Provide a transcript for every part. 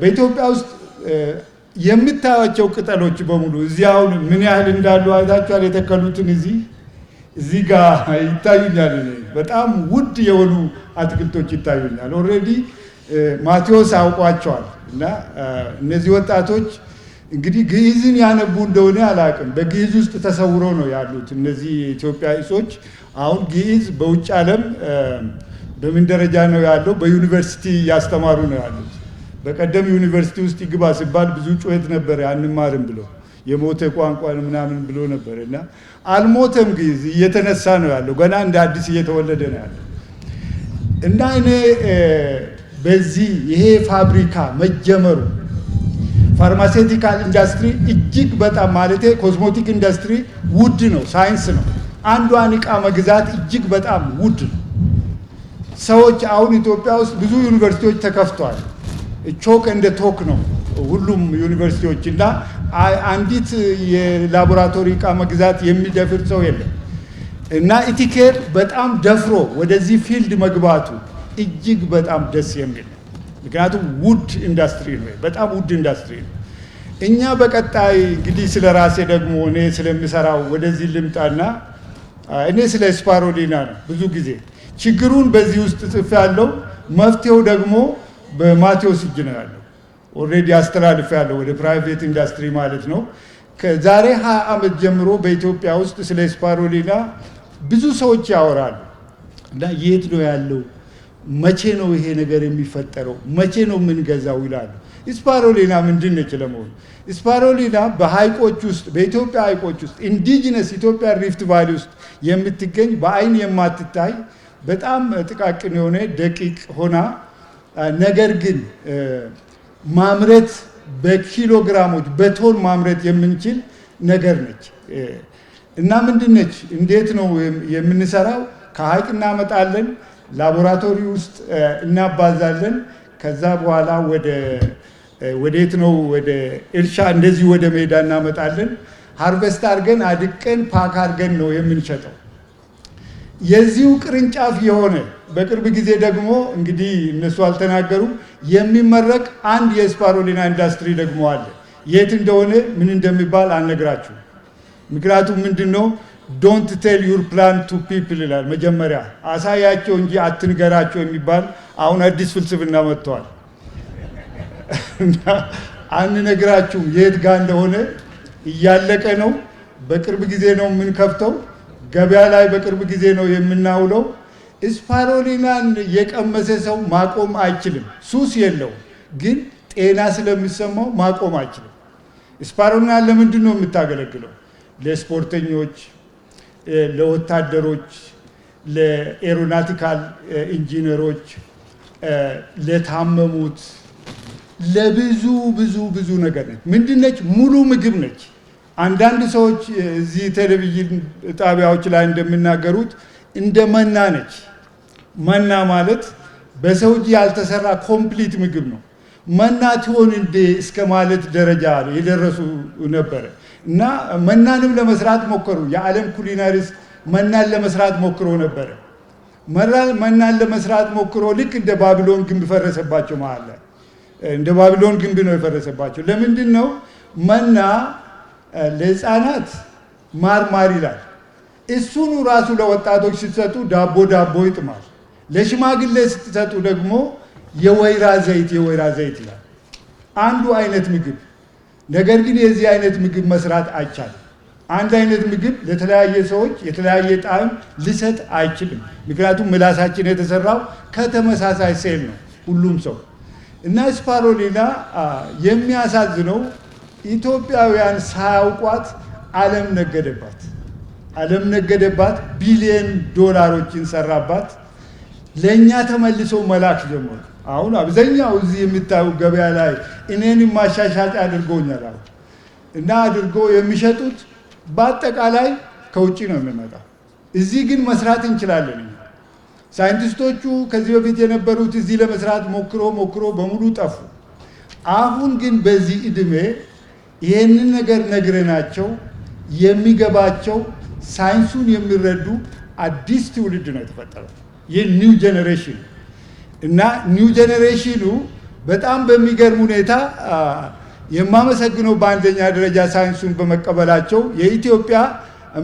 በኢትዮጵያ ውስጥ የምታዩቸው ቅጠሎች በሙሉ እዚህ አሁን ምን ያህል እንዳሉ አይታችኋል። የተከሉትን እዚህ እዚህ ጋር ይታዩኛል። በጣም ውድ የሆኑ አትክልቶች ይታዩኛል። ኦልሬዲ ማቴዎስ አውቋቸዋል እና እነዚህ ወጣቶች እንግዲህ ግዕዝን ያነቡ እንደሆነ አላውቅም። በግዕዝ ውስጥ ተሰውሮ ነው ያሉት እነዚህ የኢትዮጵያ ሶች አሁን ግዕዝ በውጭ ዓለም በምን ደረጃ ነው ያለው? በዩኒቨርሲቲ እያስተማሩ ነው ያሉት። በቀደም ዩኒቨርሲቲ ውስጥ ይግባ ሲባል ብዙ ጩኸት ነበር፣ አንማርም ብሎ የሞተ ቋንቋ ምናምን ብሎ ነበር። እና አልሞተም፣ ግዕዝ እየተነሳ ነው ያለው፣ ገና እንደ አዲስ እየተወለደ ነው ያለው። እና እኔ በዚህ ይሄ ፋብሪካ መጀመሩ ፋርማሴቲካል ኢንዱስትሪ እጅግ በጣም ማለቴ ኮስሞቲክ ኢንዱስትሪ ውድ ነው፣ ሳይንስ ነው። አንዷን እቃ መግዛት እጅግ በጣም ውድ ነው። ሰዎች አሁን ኢትዮጵያ ውስጥ ብዙ ዩኒቨርሲቲዎች ተከፍተዋል። ቾክ እንደ ቶክ ነው ሁሉም ዩኒቨርሲቲዎች እና አንዲት የላቦራቶሪ እቃ መግዛት የሚደፍር ሰው የለም እና ኢቲኬር በጣም ደፍሮ ወደዚህ ፊልድ መግባቱ እጅግ በጣም ደስ የሚል ነው። ምክንያቱም ውድ ኢንዱስትሪ ነው፣ በጣም ውድ ኢንዱስትሪ ነው። እኛ በቀጣይ እንግዲህ ስለ ራሴ ደግሞ እኔ ስለምሰራው ወደዚህ ልምጣና እኔ ስለ ስፓሮሊና ነው ብዙ ጊዜ ችግሩን በዚህ ውስጥ ጽፍ ያለው መፍትሄው ደግሞ በማቴዎስ እጅ ነው ያለው። ኦልሬዲ አስተላልፍ ያለው ወደ ፕራይቬት ኢንዱስትሪ ማለት ነው። ከዛሬ ሀያ ዓመት ጀምሮ በኢትዮጵያ ውስጥ ስለ ስፓሮሊና ብዙ ሰዎች ያወራሉ እና የት ነው ያለው? መቼ ነው ይሄ ነገር የሚፈጠረው? መቼ ነው የምንገዛው ይላሉ። ስፓሮሊና ምንድን ነች ለመሆኑ? ስፓሮሊና በሀይቆች ውስጥ በኢትዮጵያ ሀይቆች ውስጥ ኢንዲጂነስ ኢትዮጵያ ሪፍት ቫሊ ውስጥ የምትገኝ በአይን የማትታይ በጣም ጥቃቅን የሆነ ደቂቅ ሆና ነገር ግን ማምረት በኪሎግራሞች በቶን ማምረት የምንችል ነገር ነች እና ምንድን ነች? እንዴት ነው የምንሰራው? ከሀይቅ እናመጣለን፣ ላቦራቶሪ ውስጥ እናባዛለን። ከዛ በኋላ ወደ ነው? ወደ እርሻ እንደዚህ ወደ ሜዳ እናመጣለን። ሃርቨስት አድርገን አድቀን ፓክ አድርገን ነው የምንሸጠው። የዚሁ ቅርንጫፍ የሆነ በቅርብ ጊዜ ደግሞ እንግዲህ እነሱ አልተናገሩም፣ የሚመረቅ አንድ የስፓሮሊና ኢንዱስትሪ ደግሞ አለ። የት እንደሆነ ምን እንደሚባል አልነግራችሁም። ምክንያቱም ምንድን ነው ዶንት ቴል ዩር ፕላን ቱ ፒፕል ይላል። መጀመሪያ አሳያቸው እንጂ አትንገራቸው የሚባል አሁን አዲስ ፍልስፍና መጥተዋል። አንነግራችሁም የት ጋር እንደሆነ እያለቀ ነው። በቅርብ ጊዜ ነው የምንከፍተው። ገበያ ላይ በቅርብ ጊዜ ነው የምናውለው። ስፓሮሊናን የቀመሰ ሰው ማቆም አይችልም። ሱስ የለው፣ ግን ጤና ስለሚሰማው ማቆም አይችልም። ስፓሮሊና ለምንድን ነው የምታገለግለው? ለስፖርተኞች፣ ለወታደሮች፣ ለኤሮናቲካል ኢንጂነሮች፣ ለታመሙት፣ ለብዙ ብዙ ብዙ ነገር ነች። ምንድን ነች? ሙሉ ምግብ ነች። አንዳንድ ሰዎች እዚህ ቴሌቪዥን ጣቢያዎች ላይ እንደሚናገሩት እንደ መና ነች። መና ማለት በሰው እጅ ያልተሰራ ኮምፕሊት ምግብ ነው። መና ትሆን እንዴ እስከ ማለት ደረጃ የደረሱ ነበረ እና መናንም ለመስራት ሞከሩ። የዓለም ኩሊናሪስ መናን ለመስራት ሞክሮ ነበረ። መናን ለመስራት ሞክሮ ልክ እንደ ባቢሎን ግንብ ፈረሰባቸው። መሀል ላይ እንደ ባቢሎን ግንብ ነው የፈረሰባቸው። ለምንድን ነው መና ለህፃናት ማርማር ይላል። እሱኑ ራሱ ለወጣቶች ስትሰጡ ዳቦ ዳቦ ይጥማል። ለሽማግሌ ስትሰጡ ደግሞ የወይራ ዘይት የወይራ ዘይት ይላል። አንዱ አይነት ምግብ ነገር ግን የዚህ አይነት ምግብ መስራት አይቻልም። አንድ አይነት ምግብ ለተለያየ ሰዎች የተለያየ ጣዕም ልሰጥ አይችልም። ምክንያቱም ምላሳችን የተሰራው ከተመሳሳይ ሴል ነው ሁሉም ሰው እና ስፓሮሊና የሚያሳዝነው ኢትዮጵያውያን ሳያውቋት ዓለም ነገደባት። ዓለም ነገደባት፣ ቢሊየን ዶላሮችን ሰራባት። ለእኛ ተመልሶ መላክ ጀመሩ። አሁን አብዛኛው እዚህ የሚታዩ ገበያ ላይ እኔን ማሻሻጭ አድርጎኛል አሁን እና አድርጎ የሚሸጡት በአጠቃላይ ከውጭ ነው የሚመጣው። እዚህ ግን መስራት እንችላለን። ሳይንቲስቶቹ ከዚህ በፊት የነበሩት እዚህ ለመስራት ሞክሮ ሞክሮ በሙሉ ጠፉ። አሁን ግን በዚህ እድሜ። ይህንን ነገር ነግረናቸው የሚገባቸው ሳይንሱን የሚረዱ አዲስ ትውልድ ነው የተፈጠረው። ይህ ኒው ጄኔሬሽን እና ኒው ጄኔሬሽኑ በጣም በሚገርም ሁኔታ የማመሰግነው በአንደኛ ደረጃ ሳይንሱን በመቀበላቸው የኢትዮጵያ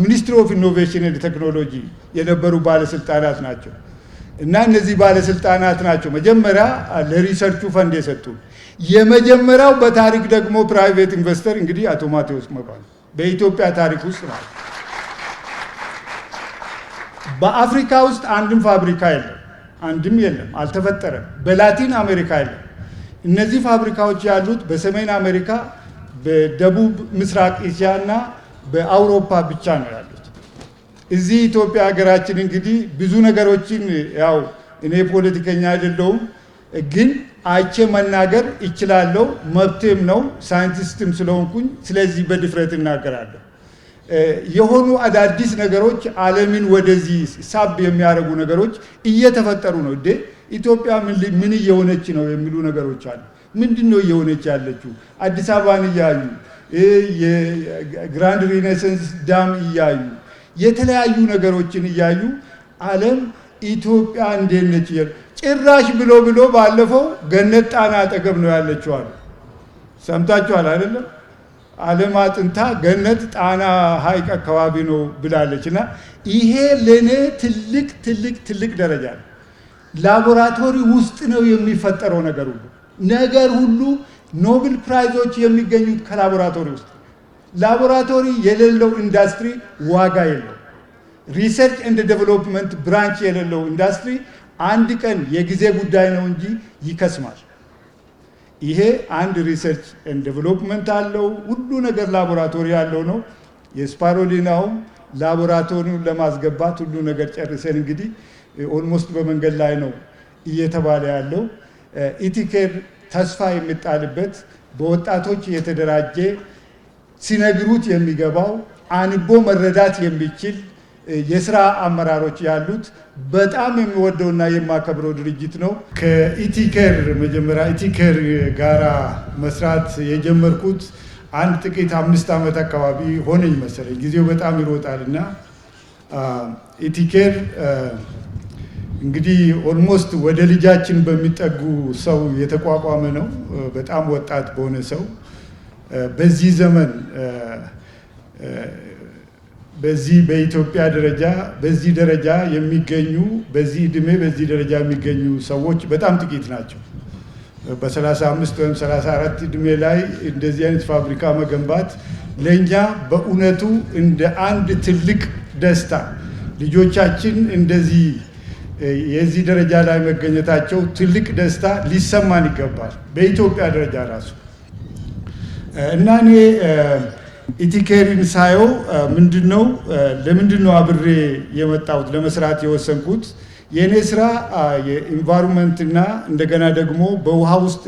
ሚኒስትሪ ኦፍ ኢኖቬሽን ኤንድ ቴክኖሎጂ የነበሩ ባለስልጣናት ናቸው እና እነዚህ ባለስልጣናት ናቸው መጀመሪያ ለሪሰርቹ ፈንድ የሰጡ የመጀመሪያው በታሪክ ደግሞ ፕራይቬት ኢንቨስተር እንግዲህ አቶ ማቴዎስ መባል በኢትዮጵያ ታሪክ ውስጥ ማለት በአፍሪካ ውስጥ አንድም ፋብሪካ የለም፣ አንድም የለም፣ አልተፈጠረም። በላቲን አሜሪካ የለም። እነዚህ ፋብሪካዎች ያሉት በሰሜን አሜሪካ፣ በደቡብ ምስራቅ እስያ እና በአውሮፓ ብቻ ነው ያሉት። እዚህ ኢትዮጵያ ሀገራችን እንግዲህ ብዙ ነገሮችን ያው እኔ ፖለቲከኛ አይደለሁም ግን አይቼ መናገር ይችላለሁ፣ መብቴም ነው። ሳይንቲስትም ስለሆንኩኝ ስለዚህ በድፍረት እናገራለሁ። የሆኑ አዳዲስ ነገሮች ዓለምን ወደዚህ ሳብ የሚያደርጉ ነገሮች እየተፈጠሩ ነው። እዴ ኢትዮጵያ ምን እየሆነች ነው የሚሉ ነገሮች አሉ። ምንድን ነው እየሆነች ያለችው? አዲስ አበባን እያዩ የግራንድ ሪኔሰንስ ዳም እያዩ የተለያዩ ነገሮችን እያዩ ዓለም ኢትዮጵያ እንዴት ነች ጭራሽ ብሎ ብሎ ባለፈው ገነት ጣና አጠገብ ነው ያለችዋል። ሰምታችኋል አይደለም? ዓለም አጥንታ ገነት ጣና ሐይቅ አካባቢ ነው ብላለች። እና ይሄ ለእኔ ትልቅ ትልቅ ትልቅ ደረጃ ነው። ላቦራቶሪ ውስጥ ነው የሚፈጠረው ነገር ሁሉ ነገር ሁሉ ኖብል ፕራይዞች የሚገኙት ከላቦራቶሪ ውስጥ። ላቦራቶሪ የሌለው ኢንዱስትሪ ዋጋ የለው። ሪሰርች ኤንድ ዴቨሎፕመንት ብራንች የሌለው ኢንዱስትሪ አንድ ቀን የጊዜ ጉዳይ ነው እንጂ ይከስማል። ይሄ አንድ ሪሰርች ኤንድ ዴቨሎፕመንት አለው። ሁሉ ነገር ላቦራቶሪ ያለው ነው። የስፓሮሊናውም ላቦራቶሪውን ለማስገባት ሁሉ ነገር ጨርሰን እንግዲህ ኦልሞስት በመንገድ ላይ ነው እየተባለ ያለው። ኢቲኬር ተስፋ የሚጣልበት በወጣቶች የተደራጀ ሲነግሩት የሚገባው አንቦ መረዳት የሚችል የስራ አመራሮች ያሉት በጣም የሚወደውና የማከብረው ድርጅት ነው። ከኢቲኬር መጀመሪያ ኢቲኬር ጋራ መስራት የጀመርኩት አንድ ጥቂት አምስት ዓመት አካባቢ ሆነኝ መሰለኝ። ጊዜው በጣም ይሮጣል እና ኢቲኬር እንግዲህ ኦልሞስት ወደ ልጃችን በሚጠጉ ሰው የተቋቋመ ነው። በጣም ወጣት በሆነ ሰው በዚህ ዘመን በዚህ በኢትዮጵያ ደረጃ በዚህ ደረጃ የሚገኙ በዚህ እድሜ በዚህ ደረጃ የሚገኙ ሰዎች በጣም ጥቂት ናቸው። በ35 ወይም 34 እድሜ ላይ እንደዚህ አይነት ፋብሪካ መገንባት ለእኛ በእውነቱ እንደ አንድ ትልቅ ደስታ ልጆቻችን እንደዚህ የዚህ ደረጃ ላይ መገኘታቸው ትልቅ ደስታ ሊሰማን ይገባል። በኢትዮጵያ ደረጃ ራሱ እና እኔ ኢቲኬሪን ሳየው ምንድን ነው ለምንድን ነው አብሬ የመጣሁት ለመስራት የወሰንኩት የእኔ ስራ የኢንቫይሮንመንትና እንደገና ደግሞ በውሃ ውስጥ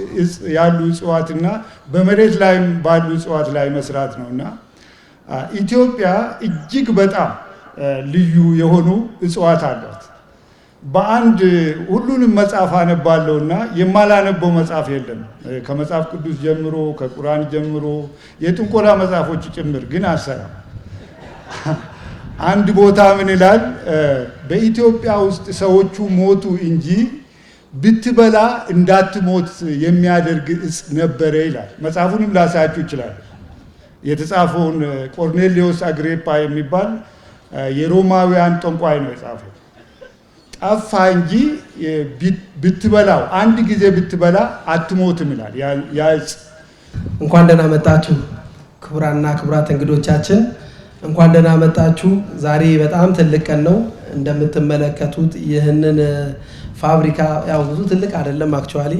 ያሉ እጽዋትና በመሬት ላይም ባሉ እጽዋት ላይ መስራት ነው እና ኢትዮጵያ እጅግ በጣም ልዩ የሆኑ እጽዋት አሏት። በአንድ ሁሉንም መጽሐፍ አነባለሁ እና የማላነበው መጽሐፍ የለም። ከመጽሐፍ ቅዱስ ጀምሮ ከቁርአን ጀምሮ የጥንቆላ መጽሐፎች ጭምር ግን አልሰራም። አንድ ቦታ ምን ይላል? በኢትዮጵያ ውስጥ ሰዎቹ ሞቱ እንጂ ብትበላ እንዳትሞት የሚያደርግ እጽ ነበረ ይላል። መጽሐፉንም ላሳያችሁ ይችላል። የተጻፈውን ቆርኔሌዎስ አግሬፓ የሚባል የሮማውያን ጠንቋይ ነው የጻፈው። ጠፋ እንጂ ብትበላው አንድ ጊዜ ብትበላ አትሞትም ይላል ያጽ። እንኳን ደህና መጣችሁ ክቡራና ክቡራት እንግዶቻችን፣ እንኳን ደህና መጣችሁ። ዛሬ በጣም ትልቅ ቀን ነው። እንደምትመለከቱት ይህንን ፋብሪካ ያው ብዙ ትልቅ አይደለም አክቹዋሊ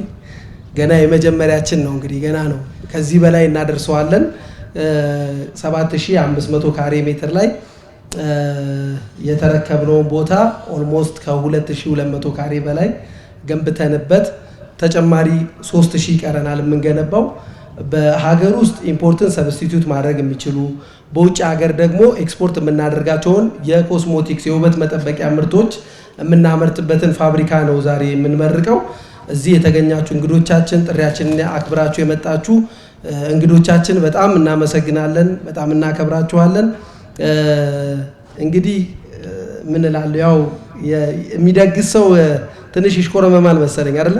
ገና የመጀመሪያችን ነው። እንግዲህ ገና ነው። ከዚህ በላይ እናደርሰዋለን። 7500 ካሬ ሜትር ላይ የተረከብነውን ቦታ ኦልሞስት ከ2200 ካሬ በላይ ገንብተንበት ተጨማሪ 3000 ይቀረናል የምንገነባው። በሀገር ውስጥ ኢምፖርትን ሰብስቲቱት ማድረግ የሚችሉ በውጭ ሀገር ደግሞ ኤክስፖርት የምናደርጋቸውን የኮስሞቲክስ የውበት መጠበቂያ ምርቶች የምናመርትበትን ፋብሪካ ነው ዛሬ የምንመርቀው። እዚህ የተገኛችሁ እንግዶቻችን፣ ጥሪያችንን አክብራችሁ የመጣችሁ እንግዶቻችን በጣም እናመሰግናለን፣ በጣም እናከብራችኋለን። እንግዲህ ምን እላለሁ ያው የሚደግስ ሰው ትንሽ ይሽኮረመማል መሰለኝ አይደለ?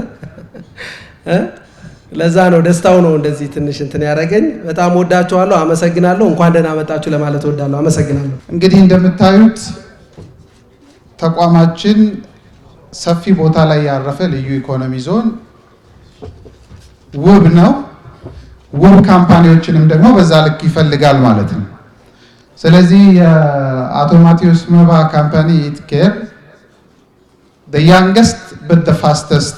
ለዛ ነው ደስታው ነው እንደዚህ ትንሽ እንትን ያደረገኝ። በጣም ወዳችኋለሁ፣ አመሰግናለሁ። እንኳን ደህና መጣችሁ ለማለት ወዳለሁ። አመሰግናለሁ። እንግዲህ እንደምታዩት ተቋማችን ሰፊ ቦታ ላይ ያረፈ ልዩ ኢኮኖሚ ዞን ውብ ነው። ውብ ካምፓኒዎችንም ደግሞ በዛ ልክ ይፈልጋል ማለት ነው። ስለዚህ የአቶ ማቴዎስ መባ ካምፓኒ ኢት ኬር ያንገስት በት ፋስተስት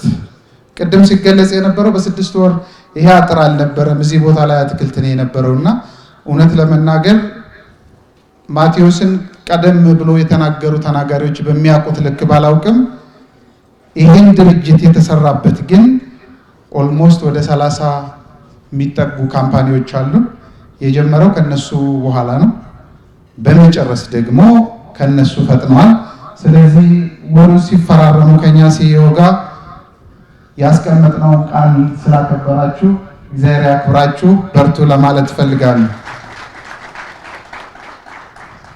ቅድም ሲገለጽ የነበረው በስድስት ወር ይሄ አጥር አልነበረም። እዚህ ቦታ ላይ አትክልት ነው የነበረው እና እውነት ለመናገር ማቴዎስን ቀደም ብሎ የተናገሩ ተናጋሪዎች በሚያውቁት ልክ ባላውቅም ይህን ድርጅት የተሰራበት ግን ኦልሞስት ወደ ሰላሳ የሚጠጉ ካምፓኒዎች አሉ። የጀመረው ከነሱ በኋላ ነው። በመጨረስ ደግሞ ከነሱ ፈጥነዋል። ስለዚህ ወሩ ሲፈራረሙ ከኛ ሲዮ ጋር ያስቀመጥነው ቃል ስላከበራችሁ እግዚአብሔር ያክብራችሁ፣ በርቱ ለማለት እፈልጋለሁ።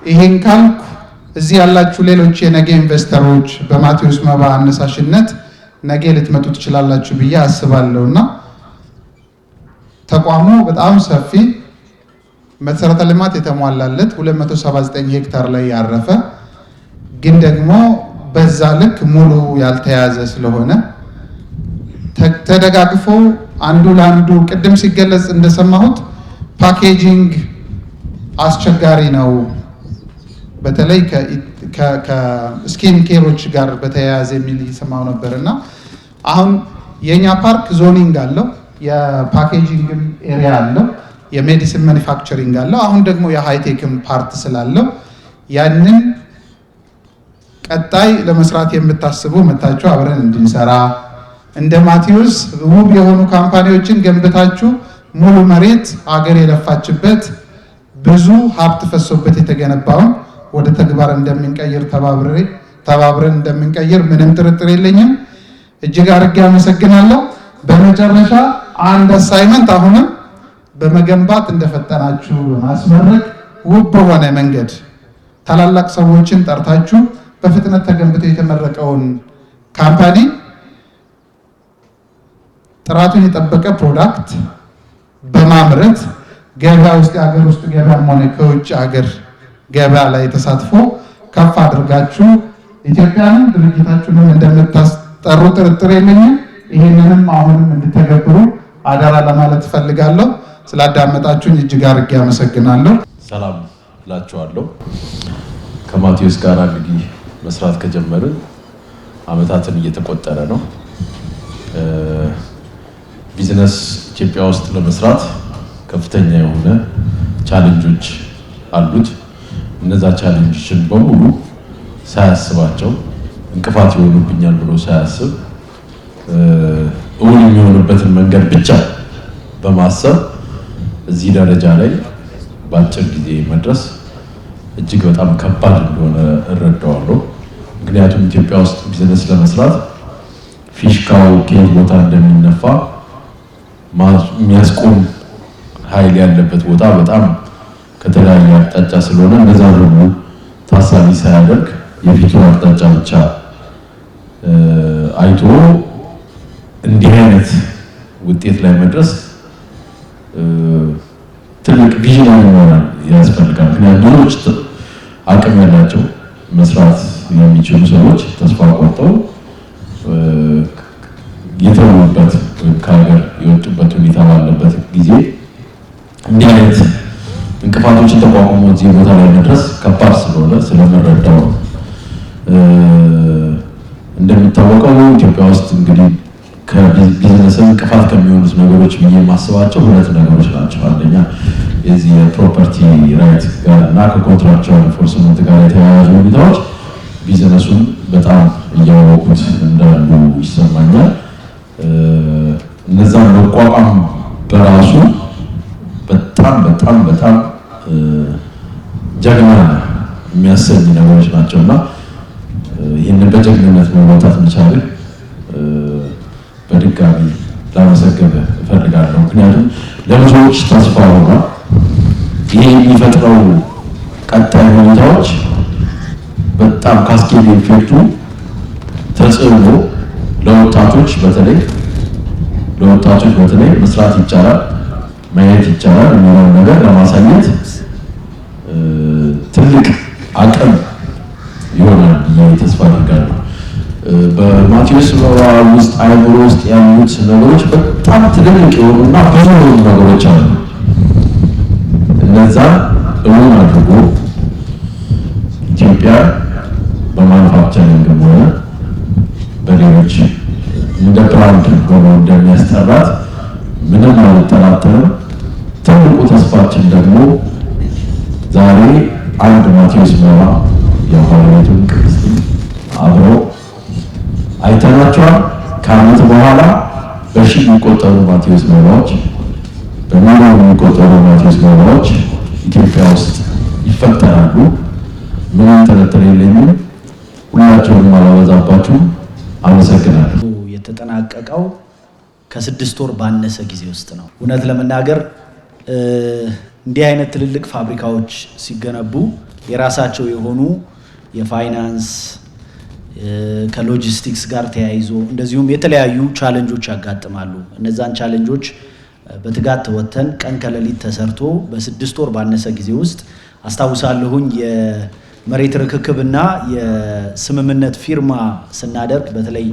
ይህን ካልኩ እዚህ ያላችሁ ሌሎች የነገ ኢንቨስተሮች በማቴዎስ መባ አነሳሽነት ነገ ልትመጡ ትችላላችሁ ብዬ አስባለሁ እና ተቋሙ በጣም ሰፊ መሰረተ ልማት የተሟላለት 279 ሄክታር ላይ ያረፈ ግን ደግሞ በዛ ልክ ሙሉ ያልተያዘ ስለሆነ ተደጋግፎ አንዱ ለአንዱ ቅድም ሲገለጽ እንደሰማሁት ፓኬጂንግ አስቸጋሪ ነው። በተለይ ከስኪን ኬሮች ጋር በተያያዘ የሚል ይሰማው ነበር እና አሁን የእኛ ፓርክ ዞኒንግ አለው የፓኬጂንግም ኤሪያ አለው የሜዲሲን ማኒፋክቸሪንግ አለው። አሁን ደግሞ የሃይቴክም ፓርት ስላለው ያንን ቀጣይ ለመስራት የምታስቡ መታችሁ አብረን እንድንሰራ እንደ ማቴዎስ ውብ የሆኑ ካምፓኒዎችን ገንብታችሁ ሙሉ መሬት አገር የለፋችበት ብዙ ሀብት ፈሶበት የተገነባውን ወደ ተግባር እንደምንቀይር ተባብረን እንደምንቀይር ምንም ጥርጥር የለኝም። እጅግ አድርጌ አመሰግናለሁ። በመጨረሻ አንድ አሳይመንት አሁንም በመገንባት እንደፈጠናችሁ በማስመረቅ ውብ በሆነ መንገድ ታላላቅ ሰዎችን ጠርታችሁ በፍጥነት ተገንብቶ የተመረቀውን ካምፓኒ ጥራቱን የጠበቀ ፕሮዳክት በማምረት ገበያ ውስጥ የሀገር ውስጥ ገበያም ሆነ ከውጭ ሀገር ገበያ ላይ ተሳትፎ ከፍ አድርጋችሁ ኢትዮጵያንም ድርጅታችሁንም እንደምታስጠሩ ጥርጥር የለኝም። ይህንንም አሁንም እንድተገብሩ አደራ ለማለት እፈልጋለሁ። ስላዳመጣችሁኝ እጅግ አድርጌ አመሰግናለሁ። ሰላም እላችኋለሁ። ከማቴዎስ ጋር እንግዲህ መስራት ከጀመርን አመታትን እየተቆጠረ ነው። ቢዝነስ ኢትዮጵያ ውስጥ ለመስራት ከፍተኛ የሆነ ቻሌንጆች አሉት። እነዛ ቻሌንጆችን በሙሉ ሳያስባቸው እንቅፋት ይሆኑብኛል ብሎ ሳያስብ እውን የሚሆንበትን መንገድ ብቻ በማሰብ እዚህ ደረጃ ላይ በአጭር ጊዜ መድረስ እጅግ በጣም ከባድ እንደሆነ እረዳዋለሁ። ምክንያቱም ኢትዮጵያ ውስጥ ቢዝነስ ለመስራት ፊሽካው ከየት ቦታ እንደሚነፋ የሚያስቆም ኃይል ያለበት ቦታ በጣም ከተለያየ አቅጣጫ ስለሆነ እነዛ ደግሞ ታሳቢ ሳያደርግ የፊቱ አቅጣጫ ብቻ አይቶ እንዲህ አይነት ውጤት ላይ መድረስ ትልቅ ቪዥን ይሆናል ያስፈልጋል። ምክንያቱም ሌሎች አቅም ያላቸው መስራት የሚችሉ ሰዎች ተስፋ ቆርጠው የተውበት ወይም ከሀገር የወጡበት ሁኔታ ባለበት ጊዜ እንዲህ አይነት እንቅፋቶችን ተቋቁሞ እዚህ ቦታ ላይ መድረስ ከባድ ስለሆነ ስለመረዳው እንደሚታወቀው ኢትዮጵያ ውስጥ እንግዲህ ለቢዝነስም እንቅፋት ከሚሆኑት ነገሮች ብዬ የማስባቸው ሁለት ነገሮች ናቸው። አንደኛ የዚህ የፕሮፐርቲ ራይት ጋር እና ኢንፎርስመንት ጋር የተያያዙ ሁኔታዎች ቢዝነሱን በጣም እያወቁት እንዳሉ ይሰማኛል። እነዛን መቋቋም በራሱ በጣም በጣም በጣም ጀግና የሚያሰኝ ነገሮች ናቸው እና ይህንን በጀግንነት መወጣት እንቻለን በድጋሚ ላመሰግን እፈልጋለሁ። ምክንያቱም ለብዙዎች ተስፋ ሆኗል። ይህ የሚፈጥረው ቀጣይ ሁኔታዎች በጣም ካስኬድ ኢፌክቱ ተጽዕኖ ለወጣቶች በተለይ ለወጣቶች በተለይ መስራት ይቻላል ማየት ይቻላል የሚለውን ነገር ለማሳየት ትልቅ አቅም ይሆናል ተስፋ አድርጋለሁ። በማቴዎስ ምዕራፍ ውስጥ አይምሮ ውስጥ ያሉት ነገሮች በጣም ትልልቅ የሆኑና ብዙ የሆኑ ነገሮች አሉ። እነዛ እውን አድርጎ ኢትዮጵያ በማኑፋክቸሪንግ ሆነ በሌሎች እንደ ብራንድ ሆኖ እንደሚያስጠራት ማቴዎስ ገበያዎች በሚሊዮን የሚቆጠሩ ማቴዎስ ገበያዎች ኢትዮጵያ ውስጥ ይፈጠራሉ። ምንም ጥርጥር የለኝም። ሁላቸውንም አላበዛባችሁ። አመሰግናለሁ። የተጠናቀቀው ከስድስት ወር ባነሰ ጊዜ ውስጥ ነው። እውነት ለመናገር እንዲህ አይነት ትልልቅ ፋብሪካዎች ሲገነቡ የራሳቸው የሆኑ የፋይናንስ ከሎጂስቲክስ ጋር ተያይዞ እንደዚሁም የተለያዩ ቻለንጆች ያጋጥማሉ። እነዛን ቻለንጆች በትጋት ተወጥተን ቀን ከሌሊት ተሰርቶ በስድስት ወር ባነሰ ጊዜ ውስጥ አስታውሳለሁኝ የመሬት ርክክብና የስምምነት ፊርማ ስናደርግ በተለይ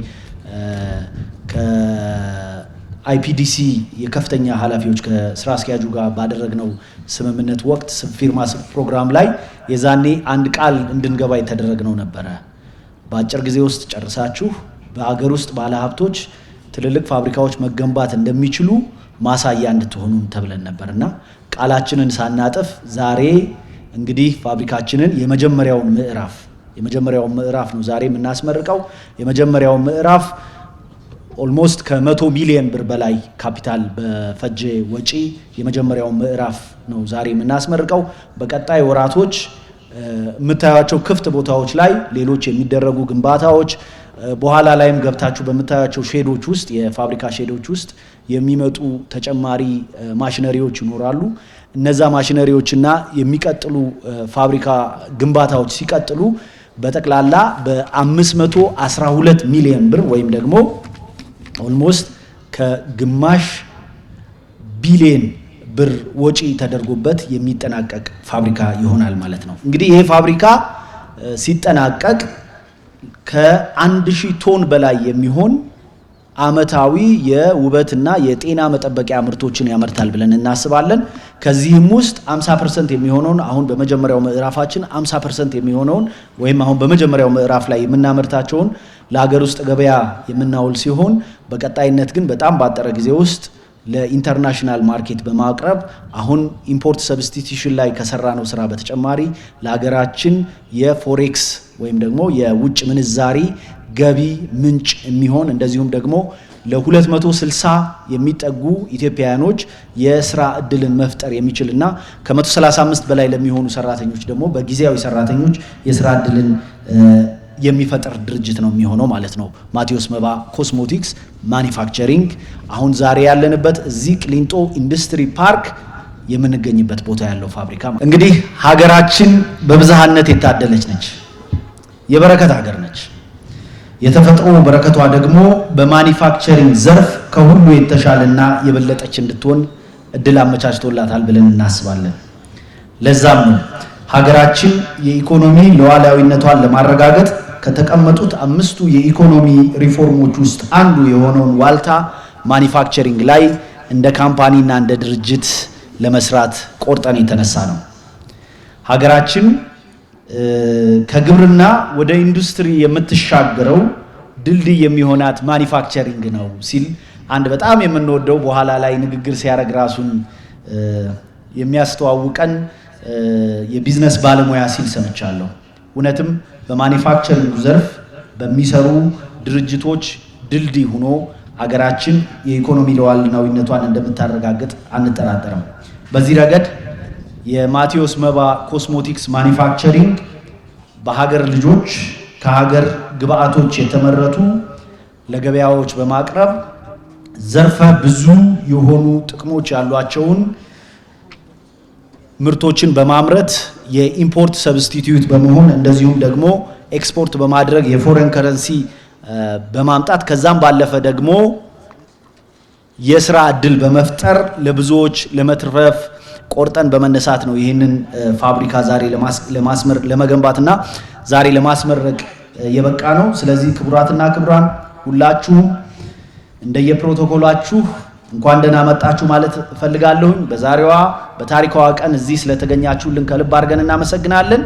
ከአይፒዲሲ የከፍተኛ ኃላፊዎች ከስራ አስኪያጁ ጋር ባደረግነው ስምምነት ወቅት ፊርማ ፕሮግራም ላይ የዛኔ አንድ ቃል እንድንገባ የተደረግነው ነበረ። በአጭር ጊዜ ውስጥ ጨርሳችሁ በአገር ውስጥ ባለሀብቶች ትልልቅ ፋብሪካዎች መገንባት እንደሚችሉ ማሳያ እንድትሆኑን ተብለን ነበር እና ቃላችንን ሳናጥፍ ዛሬ እንግዲህ ፋብሪካችንን የመጀመሪያውን ምዕራፍ የመጀመሪያውን ምዕራፍ ነው ዛሬ የምናስመርቀው። የመጀመሪያውን ምዕራፍ ኦልሞስት ከመቶ ሚሊየን ብር በላይ ካፒታል በፈጀ ወጪ የመጀመሪያውን ምዕራፍ ነው ዛሬ የምናስመርቀው። በቀጣይ ወራቶች የምታዩቸው ክፍት ቦታዎች ላይ ሌሎች የሚደረጉ ግንባታዎች በኋላ ላይም ገብታችሁ በምታዩቸው ሼዶች ውስጥ የፋብሪካ ሼዶች ውስጥ የሚመጡ ተጨማሪ ማሽነሪዎች ይኖራሉ። እነዛ ማሽነሪዎችና የሚቀጥሉ ፋብሪካ ግንባታዎች ሲቀጥሉ በጠቅላላ በ512 ሚሊዮን ብር ወይም ደግሞ ኦልሞስት ከግማሽ ቢሊየን ብር ወጪ ተደርጎበት የሚጠናቀቅ ፋብሪካ ይሆናል ማለት ነው። እንግዲህ ይሄ ፋብሪካ ሲጠናቀቅ ከአንድ ሺህ ቶን በላይ የሚሆን አመታዊ የውበትና የጤና መጠበቂያ ምርቶችን ያመርታል ብለን እናስባለን። ከዚህም ውስጥ 50 ፐርሰንት የሚሆነውን አሁን በመጀመሪያው ምዕራፋችን 50 ፐርሰንት የሚሆነውን ወይም አሁን በመጀመሪያው ምዕራፍ ላይ የምናመርታቸውን ለሀገር ውስጥ ገበያ የምናውል ሲሆን በቀጣይነት ግን በጣም ባጠረ ጊዜ ውስጥ ለኢንተርናሽናል ማርኬት በማቅረብ አሁን ኢምፖርት ሰብስቲቲሽን ላይ ከሰራነው ስራ በተጨማሪ ለሀገራችን የፎሬክስ ወይም ደግሞ የውጭ ምንዛሪ ገቢ ምንጭ የሚሆን እንደዚሁም ደግሞ ለ260 የሚጠጉ ኢትዮጵያውያኖች የስራ እድልን መፍጠር የሚችል እና ከ135 በላይ ለሚሆኑ ሰራተኞች ደግሞ በጊዜያዊ ሰራተኞች የስራ እድልን የሚፈጥር ድርጅት ነው የሚሆነው ማለት ነው። ማቴዎስ መባ ኮስሞቲክስ ማኒፋክቸሪንግ አሁን ዛሬ ያለንበት እዚህ ቅሊንጦ ኢንዱስትሪ ፓርክ የምንገኝበት ቦታ ያለው ፋብሪካ እንግዲህ ሀገራችን በብዝሃነት የታደለች ነች። የበረከት ሀገር ነች። የተፈጥሮ በረከቷ ደግሞ በማኒፋክቸሪንግ ዘርፍ ከሁሉ የተሻለና የበለጠች እንድትሆን እድል አመቻችቶላታል ብለን እናስባለን። ለዛም ነው ሀገራችን የኢኮኖሚ ሉዓላዊነቷን ለማረጋገጥ ከተቀመጡት አምስቱ የኢኮኖሚ ሪፎርሞች ውስጥ አንዱ የሆነውን ዋልታ ማኒፋክቸሪንግ ላይ እንደ ካምፓኒና እንደ ድርጅት ለመስራት ቆርጠን የተነሳ ነው። ሀገራችን ከግብርና ወደ ኢንዱስትሪ የምትሻገረው ድልድይ የሚሆናት ማኒፋክቸሪንግ ነው ሲል አንድ በጣም የምንወደው በኋላ ላይ ንግግር ሲያደርግ ራሱን የሚያስተዋውቀን የቢዝነስ ባለሙያ ሲል ሰምቻለሁ። እውነትም በማኒፋክቸሪንግ ዘርፍ በሚሰሩ ድርጅቶች ድልድይ ሆኖ ሀገራችን የኢኮኖሚ ሉዓላዊነቷን እንደምታረጋግጥ አንጠራጠርም። በዚህ ረገድ የማቴዎስ መባ ኮስሞቲክስ ማኒፋክቸሪንግ በሀገር ልጆች ከሀገር ግብአቶች የተመረቱ ለገበያዎች በማቅረብ ዘርፈ ብዙ የሆኑ ጥቅሞች ያሏቸውን ምርቶችን በማምረት የኢምፖርት ሰብስቲትዩት በመሆን እንደዚሁም ደግሞ ኤክስፖርት በማድረግ የፎረን ከረንሲ በማምጣት ከዛም ባለፈ ደግሞ የስራ እድል በመፍጠር ለብዙዎች ለመትረፍ ቆርጠን በመነሳት ነው ይህንን ፋብሪካ ዛሬ ለመገንባትና ዛሬ ለማስመረቅ የበቃ ነው። ስለዚህ ክቡራትና ክቡራን ሁላችሁም እንደየፕሮቶኮላችሁ እንኳን ደህና መጣችሁ ማለት እፈልጋለሁኝ። በዛሬዋ በታሪካዋ ቀን እዚህ ስለተገኛችሁልን ከልብ አድርገን እናመሰግናለን።